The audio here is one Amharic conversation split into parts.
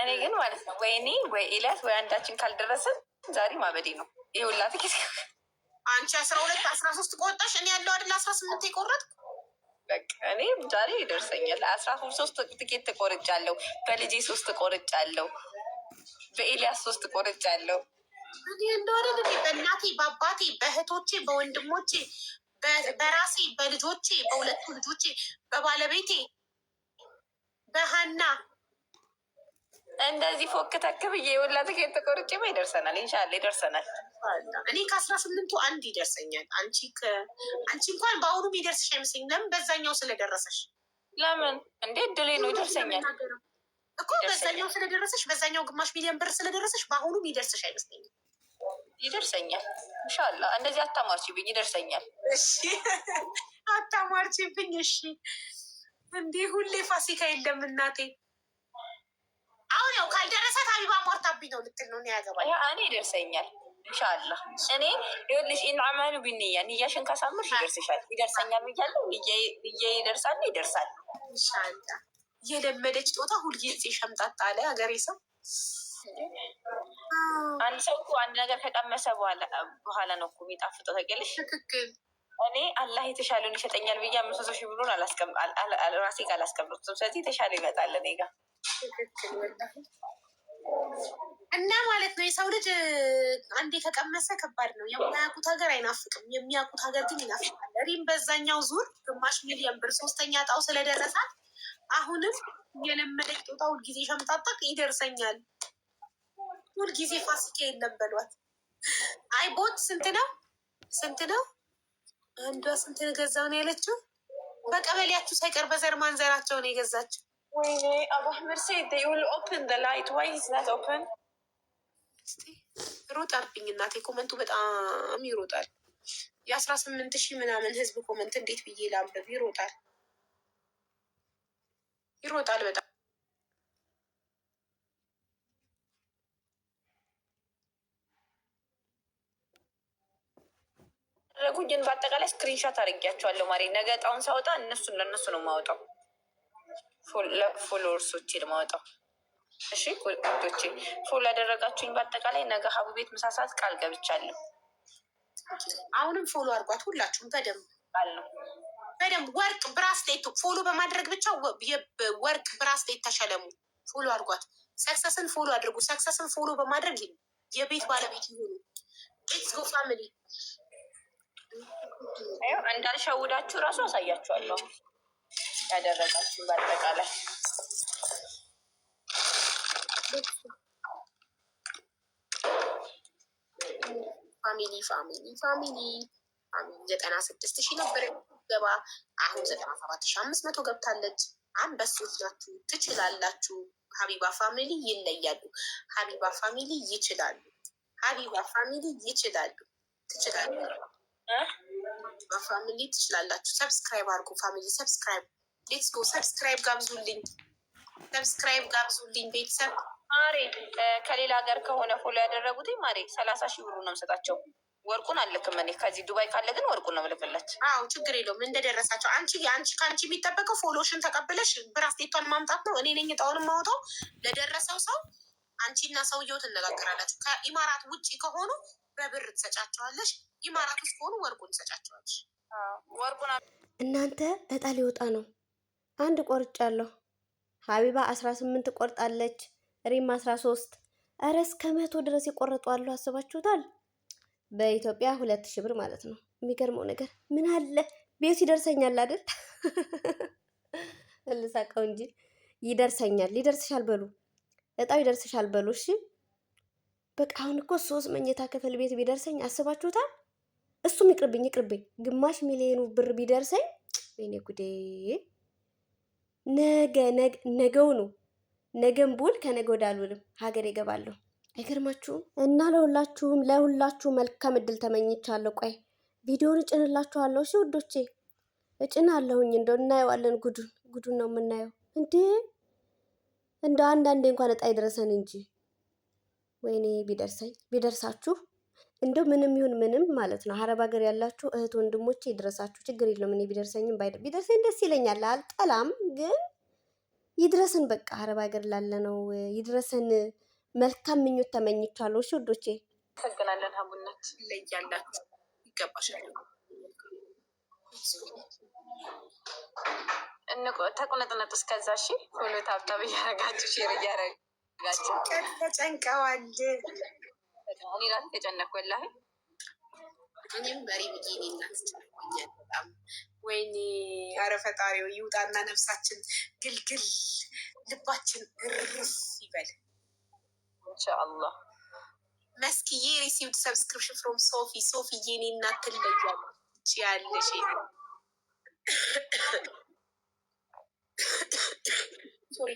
እኔ ግን ማለት ነው ወይ እኔ ወይ ኤልያስ ወይ አንዳችን ካልደረሰን ዛሬ ማበዴ ነው። ይህ ሁላ ትኬት አንቺ አስራ ሁለት አስራ ሶስት ቆጣሽ እኔ ያለው አይደል አስራ ስምንት የቆረጥኩ በቃ እኔ ዛሬ ይደርሰኛል። አስራ ሶስት ትኬት ትቆርጫለሁ፣ በልጄ ሶስት ቆርጫለሁ። በኤልያስ ሶስት ቆርጫለሁ። እኔ እንደው አይደል በእናቴ በአባቴ በእህቶቼ በወንድሞቼ በራሴ በልጆቼ በሁለቱ ልጆቼ በባለቤቴ በሀና እንደዚህ ፎክ ተክ ብዬ የወላ ትኬት ተቆርጬማ ይደርሰናል። ኢንሻላህ ይደርሰናል። እኔ ከአስራ ስምንቱ አንድ ይደርሰኛል። አንቺ አንቺ እንኳን በአሁኑ የሚደርስሽ አይመስለኝም። ለምን በዛኛው ስለደረሰሽ ለምን እንዴት ድሌ ነው ይደርሰኛል እኮ በዛኛው ስለደረሰሽ በዛኛው ግማሽ ሚሊዮን ብር ስለደረሰሽ በአሁኑ ሚደርስሽ አይመስለኝ። ይደርሰኛል። ኢንሻላህ እንደዚህ አታማርችብኝ ይደርሰኛል። እሺ አታሟርችብኝ። እሺ እንዲህ ሁሌ ፋሲካ የለም እናቴ አሁን ያው ካልደረሳት ሀቢባ ሞርታብኝ ነው ልትል ነው። ያገባል እኔ ይደርሰኛል። ኢንሻላህ እኔ ይኸውልሽ፣ ኢንዓማኑ ቢንያ ንያሽን ካሳምርሽ ይደርስሻል። ይደርሰኛል ብያለሁ። ብዬ ይደርሳል፣ ይደርሳል። ኢንሻላህ የለመደች ጦታ ሁልጊዜ ሸምጣጣ ላይ ሀገሬ ሰው አንድ ሰው እኮ አንድ ነገር ከቀመሰ በኋላ ነው እኮ የሚጣፍጠው። ተገልሽ ትክክል። እኔ አላህ የተሻለውን ይሸጠኛል ብዬ አምስት መቶ ብሎን ራሴ ጋር አላስቀምጡትም። ስለዚህ የተሻለ ይመጣል እኔ ጋር እና ማለት ነው የሰው ልጅ አንድ የተቀመሰ ከባድ ነው። የማያውቁት ሀገር አይናፍቅም፣ የሚያውቁት ሀገር ግን ይናፍቃል። ሪም በዛኛው ዙር ግማሽ ሚሊዮን ብር ሶስተኛ እጣው ስለደረሳት አሁንም የለመደች ጦጣ ሁልጊዜ ሸምጣጣቅ ይደርሰኛል፣ ሁልጊዜ ፋሲካ የለም በሏት። አይ ቦት ስንት ነው ስንት ነው? አንዷ ስንት ገዛው ነው ያለችው። በቀበሌያችሁ ሳይቀር በዘር ማንዘራቸው ነው የገዛችው። ወይኔ አቡ አህመድ ዩል ኦፕን ደ ላይት ዋይ ኢዝ ናት ኦፕን። እናቴ፣ ኮመንቱ በጣም ይሮጣል። የአስራ ስምንት ሺህ ምናምን ህዝብ ኮመንት እንዴት ብዬ ይሮጣል ይሮጣል በጣም በአጠቃላይ ስክሪንሻት አድርጊያቸዋለሁ። ማሬ ነገ እጣውን ሳወጣ እነሱን ለእነሱ ነው የማወጣው። ፎሎወርሶቼ ማወጣው። እሺ ዶቼ ፎሎ ያደረጋችሁኝ በአጠቃላይ ነገ ሀቡ ቤት መሳሳት ቃል ገብቻለሁ። አሁንም ፎሎ አድርጓት ሁላችሁም በደንብ አለው በደንብ ወርቅ ብራስሌት ፎሎ በማድረግ ብቻ ወርቅ ብራስሌት ተሸለሙ። ፎሎ አድርጓት። ሰክሰስን ፎሎ አድርጉ። ሰክሰስን ፎሎ በማድረግ የቤት ባለቤት ይሆኑ። ሌትስ ጎ ፋሚሊ። እንዳልሸውዳችሁ እራሱ አሳያችኋለሁ። ያደረጋችሁ በአጠቃላይ ፋሚሊ ፋሚሊ ፋሚሊ ዘጠና ስድስት ሺህ ነበር ገባ። አሁን ዘጠና ሰባት ሺህ አምስት መቶ ገብታለች። አንበሶች ናችሁ፣ ትችላላችሁ። ሀቢባ ፋሚሊ ይለያሉ። ሀቢባ ፋሚሊ ይችላሉ። ሀቢባ ፋሚሊ ይችላሉ። ትችላሉ። ሀቢባ ፋሚሊ ትችላላችሁ። ሰብስክራይብ አድርጉ ፋሚሊ ሰብስክራይብ ሌትስ ጎ ሰብስክራይብ ጋብዙልኝ፣ ሰብስክራይብ ጋብዙልኝ ቤተሰብ። ማሬ ከሌላ ሀገር ከሆነ ፎሎ ያደረጉትኝ ማሬ ሰላሳ ሺህ ብሩ ነው የምሰጣቸው። ወርቁን አልልክም እኔ ከዚህ ዱባይ ካለ ግን ወርቁን ነው ምልክለት። አዎ ችግር የለውም እንደደረሳቸው። አንቺ አንቺ ከአንቺ የሚጠበቀው ፎሎሽን ተቀብለሽ ብራስሌቷን ማምጣት ነው። እኔ ነኝ እጣውን የማወጣው ለደረሰው ሰው። አንቺና ሰውየው ትነጋገራላችሁ። ከኢማራት ውጭ ከሆኑ በብር ትሰጫቸዋለሽ። ኢማራት ውስጥ ከሆኑ ወርቁን ትሰጫቸዋለሽ። ወርቁን እናንተ እጣ ሊወጣ ነው አንድ ቆርጫለሁ። ሀቢባ 18 ቆርጣለች። ሪም 13 እረ እስከ መቶ ድረስ የቆረጡ አሉ። አስባችሁታል? በኢትዮጵያ ሁለት ሺህ ብር ማለት ነው። የሚገርመው ነገር ምን አለ ቤቱ ይደርሰኛል አይደል? ልሳቀው እንጂ ይደርሰኛል። ይደርስሻል በሉ እጣው ይደርስሻል በሉ። እሺ በቃ አሁን እኮ ሶስት መኝታ ክፍል ቤት ቢደርሰኝ አስባችሁታል? እሱም ይቅርብኝ ይቅርብኝ፣ ግማሽ ሚሊዮኑ ብር ቢደርሰኝ ወይኔ ጉዴ ነገ ነገው ነው። ነገም ቡል ከነገ ወዲያ አልውልም፣ ሀገር ይገባለሁ። አይገርማችሁም? እና ለሁላችሁም ለሁላችሁ መልካም እድል ተመኝቻለሁ። ቆይ ቪዲዮን እጭንላችኋለሁ። እሺ ውዶቼ እጭን አለሁኝ። እንደው እናየዋለን። ጉዱን ጉዱን ነው የምናየው። እንዴ እንደው አንዳንዴ እንኳን እጣ ይደረሰን እንጂ። ወይኔ ቢደርሰኝ ቢደርሳችሁ እንደው ምንም ይሁን ምንም ማለት ነው አረብ ሀገር ያላችሁ እህት ወንድሞቼ ይድረሳችሁ። ችግር የለውም። እኔ ቢደርሰኝም ባይ ቢደርሰኝ ደስ ይለኛል፣ አልጠላም። ግን ይድረስን፣ በቃ አረብ ሀገር ላለ ነው ይድረስን። መልካም ምኞት ተመኝቻለሁ። እሺ ወዶቼ፣ ተገናለን። ሀቡነት ይለያላችሁ፣ ይገባሻል። ተቁነጥነጥ እስከዛ። ሺ ሁሉ ታብታብ እያረጋችሁ ሽር እያረጋችሁ ተጨንቀዋል። እኔ ራሴ ተጨነኩ። ወላሂ እኔም በሬ ብዬ ወይኔ። አረ ፈጣሪው ይውጣና ነፍሳችን ግልግል ልባችን እርፍ ይበል ኢንሻአላህ። መስኪዬ ሪሲቭድ ሰብስክሪፕሽን ፍሮም ሶፊ ሶፊ የኔ እናት ትለያለች ያለሽ ሶሪ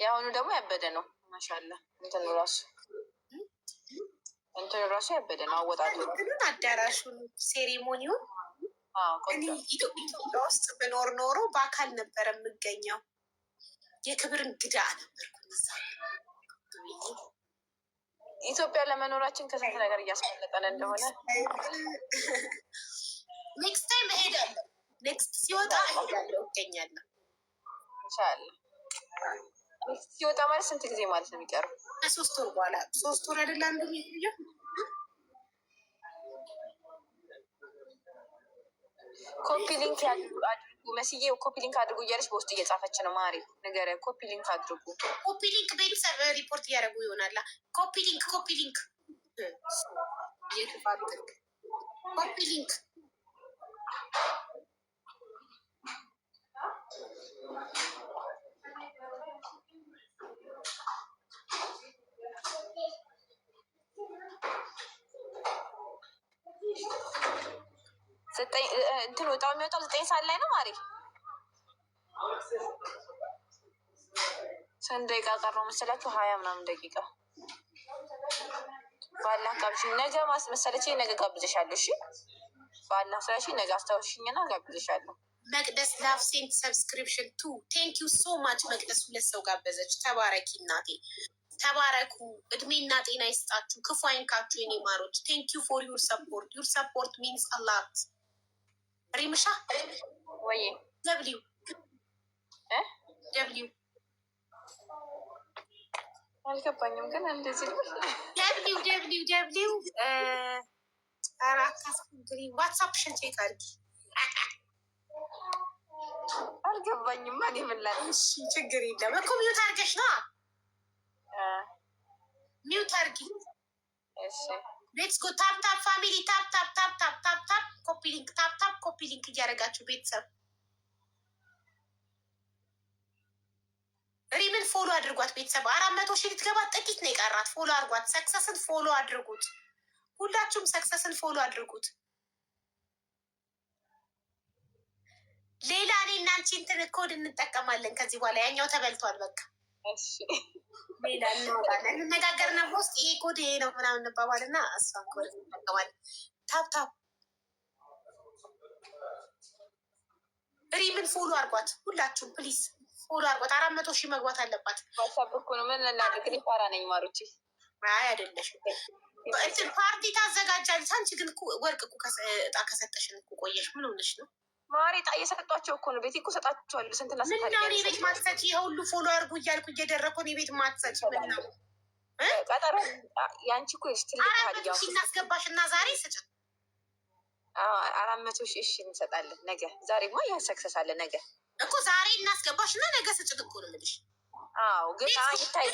የአሁኑ ደግሞ ያበደ ነው። ማሻላ እንትን ራሱ እንትን ራሱ ያበደ ነው። አወጣቱ ግን አዳራሹን ሴሪሞኒውን ኢትዮጵያ ውስጥ ብኖር ኖሮ በአካል ነበረ የምገኘው። የክብር እንግዳ ነበርኩ። ኢትዮጵያ ለመኖራችን ከስንት ነገር እያስመለጠን እንደሆነ ኔክስት ታይም እሄዳለሁ። ኔክስት ሲወጣ እሄዳለሁ፣ እገኛለሁ ኢንሻላህ። ሲወጣ ማለት ስንት ጊዜ ማለት ነው የሚቀረው? ከሶስት ወር በኋላ ሶስት ወር አይደለ አንዱ ኮፒ ሊንክ አድርጉ መስዬ ኮፒ ሊንክ አድርጉ እያለች በውስጡ እየጻፈች ነው። ማሪ ነገር ኮፒ ሊንክ አድርጉ። ኮፒ ሊንክ ቤተሰብ ሪፖርት እያደረጉ ይሆናላ። ኮፒ ሊንክ ኮፒ ሊንክ ኮፒ ሊንክ እንትን ወጣው የሚወጣው ዘጠኝ ሰዓት ላይ ነው። ማሪ ስንት ደቂቃ ቀረው መሰላችሁ? ሀያ ምናምን ደቂቃ ባላ ጋብዥ። ነገ ማስመሰለች ነገ ጋብዘሻለሁ። እሺ ባላ ስላሽ ነገ አስታወሽኝና ጋብዘሻለሁ። መቅደስ ላፍ ሴንት ሰብስክሪፕሽን ቱ ቴንክ ዩ ሶ ማች መቅደስ ሁለት ሰው ጋበዘች። ተባረኪ እናቴ። ተባረኩ፣ እድሜና ጤና ይስጣችሁ፣ ክፉ አይንካችሁ የኔ ማሮች። ቴንክ ዩ ፎር ዩር ሰፖርት ዩር ሰፖርት ሚንስ አላት። ሪምሻ ወይ ደብሊው ደብሊው አልገባኝም፣ ግን እንደዚህ ደብሊው ደብሊው ደብሊው አራት ዋትሳፕ ሽን ቼክ አድርጊ። አልገባኝም። ማን ይምላል? ችግር የለም ኮምፒውተር አድርገሽ ነዋ ሚውት አድርጊ። ቤትስ ጎ ታፕ ታፕ ፋሚሊ ታፕ ታፕ ታፕ ታፕ ታፕ ታፕ ኮፒ ሊንክ ታፕ ታፕ ኮፒ ሊንክ እያደረጋችሁ ቤተሰብ ሪምን ፎሎ አድርጓት። ቤተሰብ አራት መቶ ሺህ ልትገባ ጥቂት ነው የቀራት። ፎሎ አድርጓት። ሰክሰስን ፎሎ አድርጉት። ሁላችሁም ሰክሰስን ፎሎ አድርጉት። ሌላ እኔ እና አንቺ እንትን ኮድ እንጠቀማለን ከዚህ በኋላ ያኛው ተበልቷል። በቃ ሌላ እናወጣለን ውስጥ ይሄ ኮድ ይሄ ነው ምናምን እንባባልና እሷን ኮድ እንጠቀማለን። ታብታብ ሪምን ፎሎ አርጓት ሁላችሁም ፕሊዝ ፎሎ አርጓት። አራት መቶ ሺህ መግባት አለባት። ዋትሳፕ እኮ ነው ምን እናድርግ። ፋራ ነኝ ማሮቼ። አይ አይደለሽም ፓርቲ ታዘጋጃለች። አንቺ ግን ወርቅ እጣ ከሰጠሽን እኮ ቆየሽ። ምን ሆነሽ ነው? ማሬ እየሰጧቸው እኮ ነው። ቤት እኮ ሰጣቸዋል። ስንትና ላስፈልጋለሁ ቤት ማትሰጪ ሁሉ ፎሎ አርጉ እያልኩ እየደረኩ እኔ ቤት ማትሰጪ ምናምን ቀጠሮ የአንቺ እኮ እናስገባሽ እና ዛሬ ስጭ አራት መቶ ሺህ እሺ፣ እንሰጣለን ነገ። ዛሬማ ያንሰክሰሳለን ነገ እኮ ዛሬ እናስገባሽ እና ነገ ስጭት እኮ ነው የምልሽ። አዎ፣ ግን ይታይ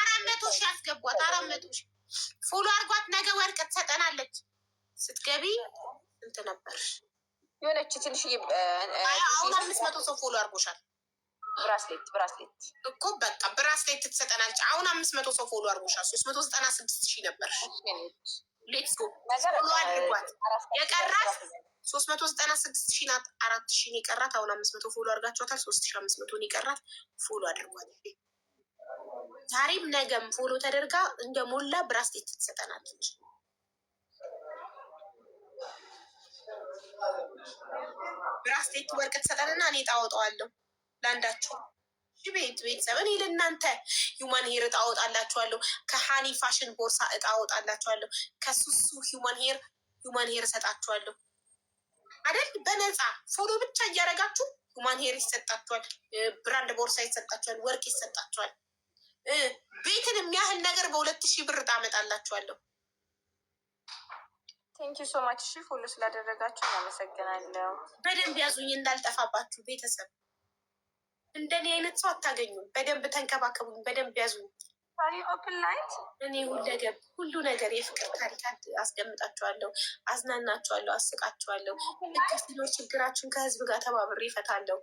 አራት መቶ ሺ አስገቧት። አራት መቶ ሺ ፎሎ አርጓት። ነገ ወርቅ ትሰጠናለች። ስትገቢ ስንት ነበርሽ? የሆነች ትንሽ አሁን አምስት መቶ ሰው ፎሎ አርጎሻል። ብራስሌት ብራስሌት እኮ በቃ ብራስሌት ትሰጠናለች። አሁን አምስት መቶ ሰው ፎሎ አርጎሻል። ሶስት መቶ ዘጠና ስድስት ሺህ ነበር። ሌትስ ጎ የቀራት ሶስት መቶ ዘጠና ስድስት ሺህ ናት። አራት ሺህ የቀራት አሁን አምስት መቶ ፎሎ አርጋቸዋታል። ሶስት ሺህ አምስት መቶ የቀራት ፎሎ አድርጓል። ዛሬም ነገም ፎሎ ተደርጋ እንደሞላ ብራስሌት ትሰጠናለች። ብራስሌት ወርቅ ትሰጠንና እኔ ጣወጠዋለሁ ለአንዳችሁ ቤት ቤተሰብ እኔ ለእናንተ ሂውማን ሄር እጣ ወጣላችኋለሁ። ከሀኒ ፋሽን ቦርሳ እጣ ከሱሱ ሂውማን ሄር ሂውማን ሄር እሰጣችኋለሁ አይደል? በነፃ ፎቶ ብቻ እያደረጋችሁ ሂውማን ሄር ይሰጣችኋል። ብራንድ ቦርሳ ይሰጣችኋል። ወርቅ ይሰጣችኋል። ቤትን የሚያህል ነገር በሁለት ሺህ ብር እጣ ቴንኪ ሶ ማች ሺ ፎሎ ስላደረጋችሁ እናመሰግናለሁ። በደንብ ያዙኝ እንዳልጠፋባችሁ ቤተሰብ። እንደኔ አይነት ሰው አታገኙም። በደንብ ተንከባከቡኝ፣ በደንብ ያዙኝ። ሳሪ ኦፕን ላይት እኔ ሁለገብ ሁሉ ነገር የፍቅር ታሪክ አስቀምጣችኋለሁ፣ አዝናናችኋለሁ፣ አስቃችኋለሁ። ልክስኖ ችግራችን ከህዝብ ጋር ተባብሬ ይፈታለሁ።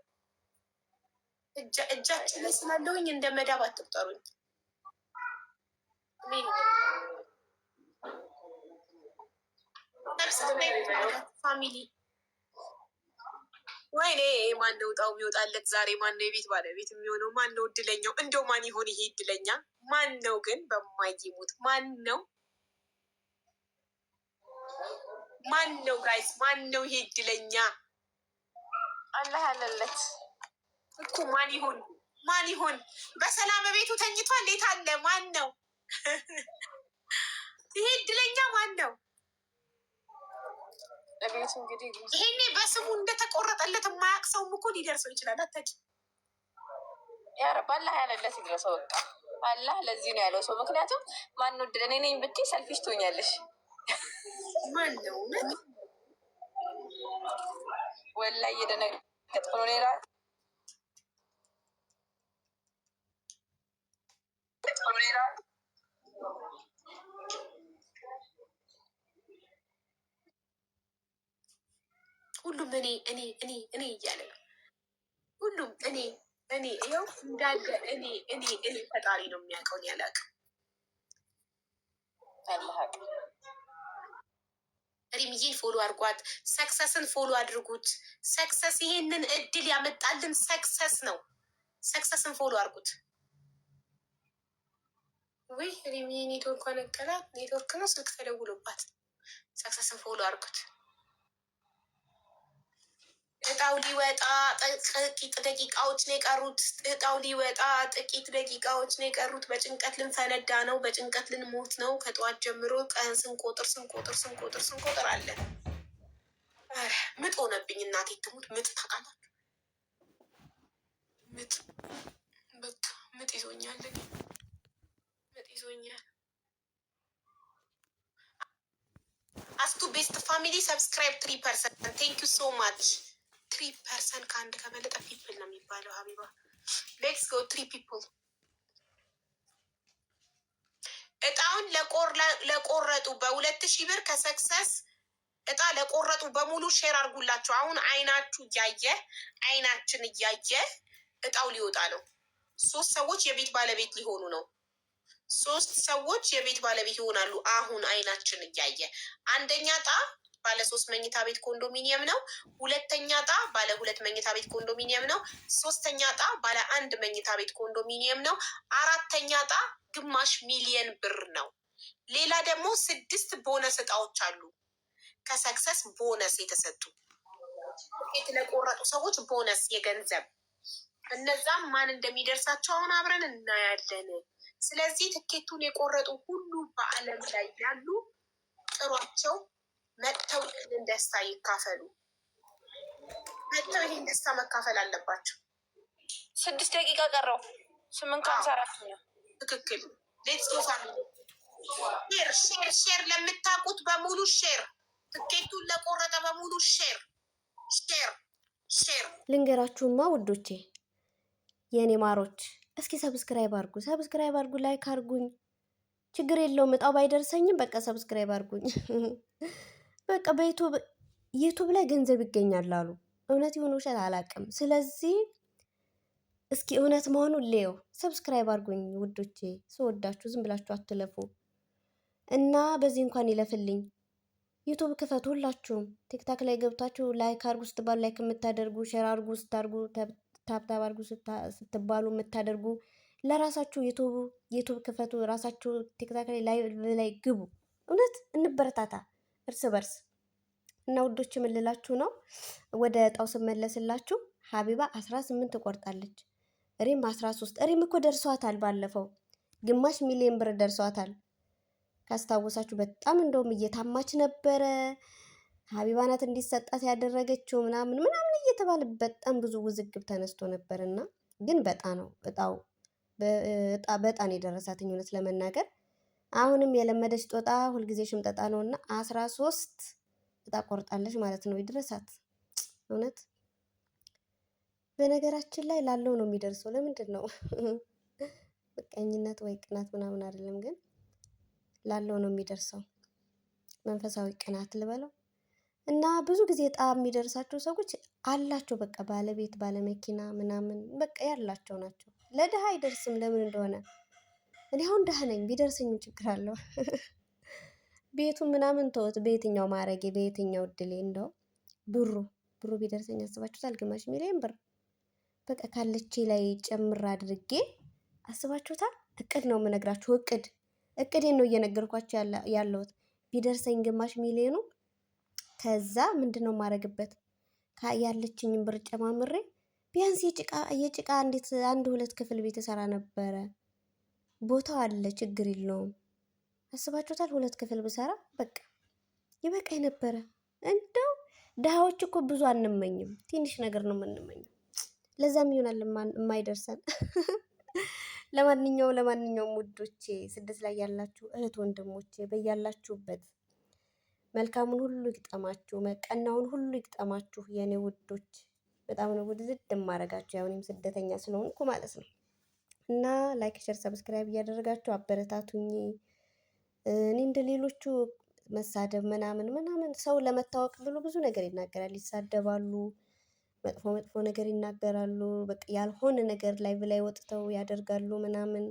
እጃችን ስላለውኝ እንደ መዳብ አትቁጠሩኝ። ፋሚሊ ወይኔ ማን ነው እጣው የሚወጣለት ዛሬ? ማን ነው የቤት ባለቤት የሚሆነው? ማን ነው እድለኛው? እንደው ማን ይሆን ይሄ እድለኛ? ማን ነው ግን በማይሞት ማን ነው? ማን ነው ጋይስ? ማን ነው ይሄ እድለኛ? አላህ ያለለት እኮ ማን ይሆን? ማን ይሆን? በሰላም ቤቱ ተኝቷ የት አለ? ማን ነው ይሄ እድለኛ? ማን ነው? ይሄኔ በስሙ እንደተቆረጠለት የማያውቅ ሰውም እኮ ሊደርሰው ይችላል። አታውቂም? ባላ ያለለት ይድረሰው። በቃ ባላ ለዚህ ነው ያለው ሰው። ምክንያቱም ማን ወደ እኔ ነኝ ብትይ ሰልፊሽ ትሆኛለሽ። ማን ነው ወላሂ ነው። ሌላ ሌላ ሁሉም እኔ እኔ እኔ እኔ እያለ ነው። ሁሉም እኔ እኔ ያው እንዳለ እኔ እኔ እኔ ፈጣሪ ነው የሚያውቀውን ያላቅ ሪምዬ ፎሎ አድርጓት። ሰክሰስን ፎሎ አድርጉት። ሰክሰስ ይሄንን እድል ያመጣልን ሰክሰስ ነው። ሰክሰስን ፎሎ አድርጉት። ወይ ሪምዬ ኔትወርኳ ነገራት። ኔትወርክ ነው ስልክ ተደውሎባት። ሰክሰስን ፎሎ አድርጉት። እጣው ሊወጣ ጥቂት ደቂቃዎች ነው የቀሩት። እጣው ሊወጣ ጥቂት ደቂቃዎች ነው የቀሩት። በጭንቀት ልንፈነዳ ነው። በጭንቀት ልንሞት ነው። ከጠዋት ጀምሮ ቀን ስንቆጥር ስንቆጥር ስንቆጥር ስንቆጥር አለን። ምጥ ሆነብኝ። እናቴ ትሙት ምጥ ታውቃላችሁ? ምጥ በቃ ምጥ ይዞኛል። ምጥ ይዞኛል። አስቱ ቤስት ፋሚሊ ሰብስክራይብ ትሪ ፐርሰንት ቴንክ ዩ ሶ ማች ትሪ ፐርሰን ከአንድ ከበለጠ ፒፕል ነው የሚባለው። ሀቢባ ሌትስ ጎ ትሪ ፒፕል እጣውን ለቆረጡ በሁለት ሺህ ብር ከሰክሰስ እጣ ለቆረጡ በሙሉ ሼር አድርጉላቸው። አሁን አይናችሁ እያየ አይናችን እያየ እጣው ሊወጣ ነው። ሶስት ሰዎች የቤት ባለቤት ሊሆኑ ነው። ሶስት ሰዎች የቤት ባለቤት ይሆናሉ። አሁን አይናችን እያየ አንደኛ እጣ ባለ ሶስት መኝታ ቤት ኮንዶሚኒየም ነው። ሁለተኛ ጣ ባለ ሁለት መኝታ ቤት ኮንዶሚኒየም ነው። ሶስተኛ ጣ ባለ አንድ መኝታ ቤት ኮንዶሚኒየም ነው። አራተኛ ጣ ግማሽ ሚሊየን ብር ነው። ሌላ ደግሞ ስድስት ቦነስ እጣዎች አሉ። ከሰክሰስ ቦነስ የተሰጡ ለቆረጡ ሰዎች ቦነስ የገንዘብ እነዛም ማን እንደሚደርሳቸው አሁን አብረን እናያለን። ስለዚህ ትኬቱን የቆረጡ ሁሉ በዓለም ላይ ያሉ ጥሯቸው። መጥተው ይህንን ደስታ ይካፈሉ። መጥተው ይህን ደስታ መካፈል አለባቸው። ስድስት ደቂቃ ቀረው። ስምንት ከአምሳ አራት ነው። ትክክል። ሌትስ ሼር ሼር ሼር ለምታውቁት በሙሉ ሼር፣ ትኬቱን ለቆረጠ በሙሉ ሼር ሼር ሼር። ልንገራችሁማ ውዶቼ፣ የእኔ ማሮች፣ እስኪ ሰብስክራይብ አርጉ፣ ሰብስክራይብ አርጉ፣ ላይክ አርጉኝ። ችግር የለውም እጣው ባይደርሰኝም፣ በቃ ሰብስክራይብ አርጉኝ። በቃ በዩቱብ ዩቱብ ላይ ገንዘብ ይገኛል አሉ። እውነት ይሁን ውሸት አላውቅም። ስለዚህ እስኪ እውነት መሆኑን ሌው ሰብስክራይብ አርጎኝ ውዶቼ። ስወዳችሁ ዝም ብላችሁ አትለፉ እና በዚህ እንኳን ይለፍልኝ። ዩቱብ ክፈቱ ሁላችሁም። ቲክታክ ላይ ገብታችሁ ላይክ አድርጉ ስትባሉ ላይክ የምታደርጉ ሼር አድርጉ ስታርጉ ታብታብ አድርጉ ስትባሉ የምታደርጉ ለራሳችሁ ዩቱብ ክፈቱ። ራሳችሁ ቲክታክ ላይ ላይ ግቡ። እውነት እንበረታታ። እርስ በርስ እና ውዶች የምልላችሁ ነው። ወደ እጣው ስመለስላችሁ ሀቢባ አስራ ስምንት ትቆርጣለች። ሪም አስራ ሶስት ሪም እኮ ደርሷታል። ባለፈው ግማሽ ሚሊዮን ብር ደርሷታል ካስታወሳችሁ። በጣም እንደውም እየታማች ነበረ። ሀቢባ ናት እንዲሰጣት ያደረገችው ምናምን ምናምን እየተባለ በጣም ብዙ ውዝግብ ተነስቶ ነበር እና ግን በጣ ነው እጣው በጣ ነው የደረሳትኝ እውነት ለመናገር አሁንም የለመደች ጦጣ ሁልጊዜ ሽምጠጣ ነው እና አስራ ሶስት እጣ ቆርጣለች ማለት ነው። ይድረሳት እውነት። በነገራችን ላይ ላለው ነው የሚደርሰው። ለምንድን ነው ምቀኝነት ወይ ቅናት ምናምን አይደለም፣ ግን ላለው ነው የሚደርሰው። መንፈሳዊ ቅናት ልበለው እና ብዙ ጊዜ ጣ የሚደርሳቸው ሰዎች አላቸው። በቃ ባለቤት ባለመኪና ምናምን በቃ ያላቸው ናቸው። ለድሃ አይደርስም ለምን እንደሆነ እኔ አሁን ደህና ነኝ፣ ቢደርሰኝ ችግር አለው። ቤቱ ምናምን ተወት፣ በየትኛው ማረጌ በየትኛው እድሌ እንደው ብሩ ብሩ ቢደርሰኝ አስባችሁታል? ግማሽ ሚሊዮን ብር በቃ ካለቼ ላይ ጨምር አድርጌ አስባችሁታል? እቅድ ነው የምነግራችሁ፣ እቅድ እቅዴን ነው እየነገርኳችሁ ያለሁት። ቢደርሰኝ ግማሽ ሚሊዮኑ ከዛ ምንድን ነው የማደርግበት? ያለችኝን ብር ጨማምሬ ቢያንስ የጭቃ የጭቃ እንዴት አንድ ሁለት ክፍል ቤት እሰራ ነበረ። ቦታው አለ፣ ችግር የለውም። አስባችሁታል? ሁለት ክፍል ብሰራ በቃ ይበቃኝ ነበረ። እንደው ድሃዎች እኮ ብዙ አንመኝም፣ ትንሽ ነገር ነው የምንመኘው። ለዛም ይሆናል የማይደርሰን። ለማንኛውም ለማንኛውም ውዶቼ ስደት ላይ ያላችሁ እህት ወንድሞቼ በያላችሁበት መልካሙን ሁሉ ይግጠማችሁ፣ መቀናውን ሁሉ ይግጠማችሁ የእኔ ውዶች። በጣም ነው ውድድ የማደርጋችሁ ያው እኔም ስደተኛ ስለሆንኩ ማለት ነው። እና ላይክ፣ ሸር፣ ሰብስክራይብ እያደረጋችሁ አበረታቱኝ። እኔ እንደ ሌሎቹ መሳደብ ምናምን ምናምን ሰው ለመታወቅ ብሎ ብዙ ነገር ይናገራል፣ ይሳደባሉ፣ መጥፎ መጥፎ ነገር ይናገራሉ። በቃ ያልሆነ ነገር ላይ ብላይ ወጥተው ያደርጋሉ ምናምን።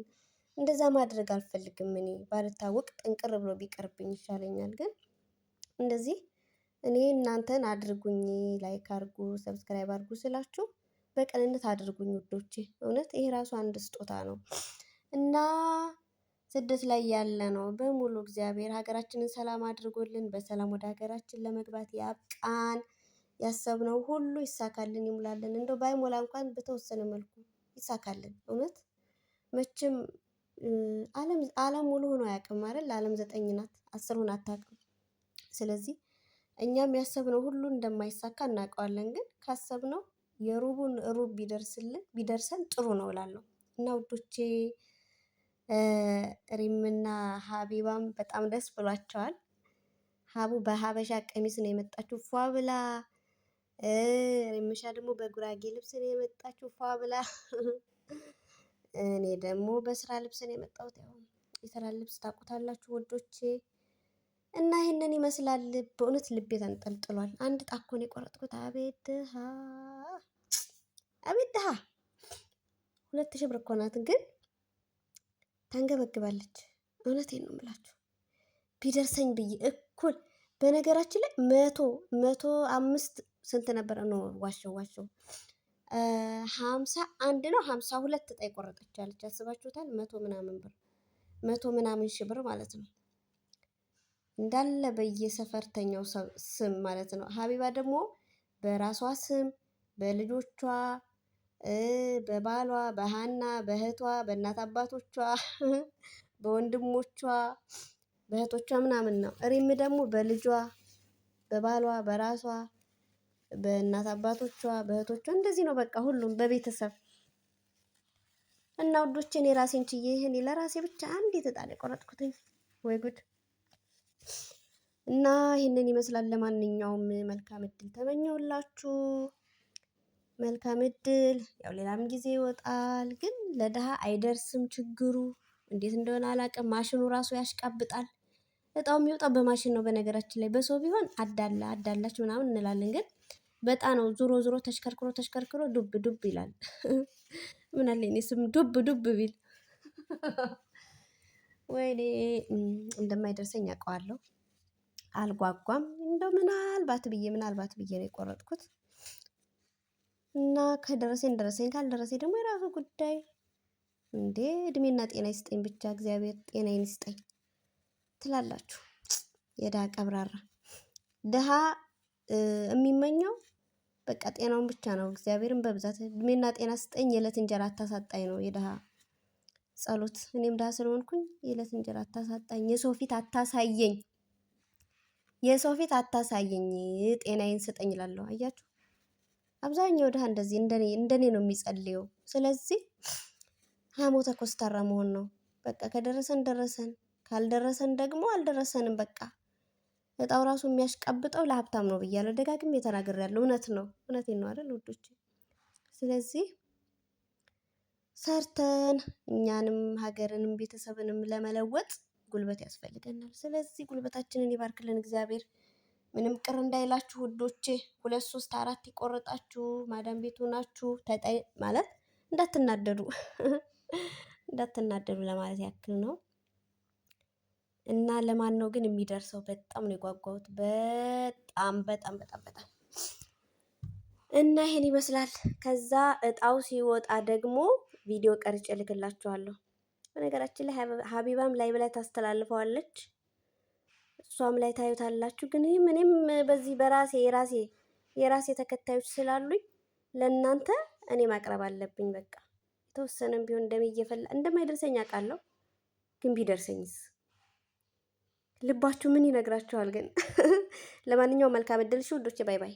እንደዛ ማድረግ አልፈልግም። እኔ ባልታወቅ ጠንቅር ብሎ ቢቀርብኝ ይሻለኛል። ግን እንደዚህ እኔ እናንተን አድርጉኝ፣ ላይክ አርጉ፣ ሰብስክራይብ አርጉ ስላችሁ በቅንነት አድርጉኝ ውዶቼ። እውነት ይሄ ራሱ አንድ ስጦታ ነው እና ስደት ላይ ያለ ነው በሙሉ እግዚአብሔር ሀገራችንን ሰላም አድርጎልን በሰላም ወደ ሀገራችን ለመግባት ያብቃን። ያሰብነው ሁሉ ይሳካልን፣ ይሙላልን። እንደው ባይሞላ እንኳን በተወሰነ መልኩ ይሳካልን። እውነት መቼም ዓለም ሙሉ ሆኖ አያውቅም አይደል? ዓለም ዘጠኝ ናት፣ አስር ሆና አታውቅም። ስለዚህ እኛም ያሰብነው ሁሉ እንደማይሳካ እናውቀዋለን። ግን ካሰብነው የሩቡን ሩብ ቢደርስልን ቢደርሰን ጥሩ ነው እላለሁ። እና ውዶቼ ሪምና ሀቢባም በጣም ደስ ብሏቸዋል። ሀቡ በሀበሻ ቀሚስ ነው የመጣችው ፏ ብላ፣ ሪምሻ ደግሞ በጉራጌ ልብስ ነው የመጣችው ፏ ብላ። እኔ ደግሞ በስራ ልብስ ነው የመጣሁት። ያው የስራ ልብስ ታውቁታላችሁ ውዶቼ። እና ይህንን ይመስላል። በእውነት ልቤ ተንጠልጥሏል። አንድ ጣኮን የቆረጥኩት አቤት ድሃ አቤት ድሃ። ሁለት ሺህ ብር እኮ ናት፣ ግን ታንገበግባለች። እውነቴን ነው የምላችሁ ቢደርሰኝ ብዬ እኩል። በነገራችን ላይ መቶ መቶ አምስት ስንት ነበረ ነው ዋሸው ዋሸው ሀምሳ አንድ ነው ሀምሳ ሁለት ጣ የቆረጠች አለች። አስባችሁታል? መቶ ምናምን ብር መቶ ምናምን ሺህ ብር ማለት ነው። እንዳለ በየሰፈርተኛው ስም ማለት ነው። ሀቢባ ደግሞ በራሷ ስም በልጆቿ በባሏ በሀና በእህቷ በእናት አባቶቿ በወንድሞቿ በእህቶቿ ምናምን ነው። ሪም ደግሞ በልጇ በባሏ በራሷ በእናት አባቶቿ በእህቶቿ እንደዚህ ነው። በቃ ሁሉም በቤተሰብ እና ውዶቼ እኔ ራሴን ችዬ ይህን ለራሴ ብቻ አንድ የተጣለ የቆረጥኩትኝ ወይ ጉድ። እና ይህንን ይመስላል። ለማንኛውም መልካም እድል ተመኘውላችሁ። መልካም እድል። ያው ሌላም ጊዜ ይወጣል፣ ግን ለድሃ አይደርስም። ችግሩ እንዴት እንደሆነ አላውቅም። ማሽኑ ራሱ ያሽቃብጣል። እጣው የሚወጣው በማሽን ነው። በነገራችን ላይ በሰው ቢሆን አዳላ አዳላች ምናምን እንላለን፣ ግን በጣ ነው። ዙሮ ዙሮ ተሽከርክሮ ተሽከርክሮ ዱብ ዱብ ይላል። ምን ስም ዱብ ዱብ ቢል ወይኔ እንደማይደርሰኝ አውቀዋለሁ። አልጓጓም እንደው ምናልባት ብዬ ምናልባት ብዬ ነው የቆረጥኩት። እና ከደረሰኝ ደረሰኝ ካልደረሰኝ ደግሞ የራሱ ጉዳይ እንዴ። እድሜና ጤና ይስጠኝ ብቻ እግዚአብሔር ጤናዬን ይስጠኝ ትላላችሁ። የድሃ ቀብራራ ድሃ የሚመኘው በቃ ጤናውን ብቻ ነው። እግዚአብሔርን በብዛት እድሜና ጤና ስጠኝ የዕለት እንጀራ አታሳጣኝ ነው የድሃ ጸሎት እኔም ድሃ ስለሆንኩኝ የዕለት እንጀራ አታሳጣኝ፣ የሰው ፊት አታሳየኝ፣ የሰው ፊት አታሳየኝ፣ ጤናዬን ስጠኝ ይላለሁ አያችሁ አብዛኛው ድሃ እንደዚህ እንደኔ እንደኔ ነው የሚጸልየው። ስለዚህ ሀሞተ ኮስታራ መሆን ነው በቃ። ከደረሰን ደረሰን፣ ካልደረሰን ደግሞ አልደረሰንም በቃ። እጣው ራሱ የሚያሽቀብጠው ለሀብታም ነው ብያለሁ፣ ደጋግሜ ተናግሬያለሁ። እውነት ነው፣ እውነቴን ነው አይደል ውዶች? ስለዚህ ሰርተን እኛንም ሀገርንም ቤተሰብንም ለመለወጥ ጉልበት ያስፈልገናል። ስለዚህ ጉልበታችንን ይባርክልን እግዚአብሔር። ምንም ቅር እንዳይላችሁ ውዶቼ፣ ሁለት ሶስት አራት የቆረጣችሁ ማዳም ቤቱ ናችሁ ተጠይ ማለት እንዳትናደዱ እንዳትናደዱ ለማለት ያክል ነው። እና ለማን ነው ግን የሚደርሰው? በጣም ነው የጓጓሁት። በጣም በጣም በጣም በጣም እና ይሄን ይመስላል። ከዛ እጣው ሲወጣ ደግሞ ቪዲዮ ቀርጬ ልክላችኋለሁ። በነገራችን ላይ ሀቢባም ላይ ብላይ ታስተላልፈዋለች፣ እሷም ላይ ታዩታላችሁ። ግን ይህም እኔም በዚህ በራሴ የራሴ የራሴ ተከታዮች ስላሉኝ ለእናንተ እኔ ማቅረብ አለብኝ። በቃ የተወሰነም ቢሆን እንደም እየፈላ እንደማይደርሰኝ አውቃለሁ። ግን ቢደርሰኝስ ልባችሁ ምን ይነግራችኋል? ግን ለማንኛውም መልካም እድል ሽ ውዶቼ፣ ባይ ባይ።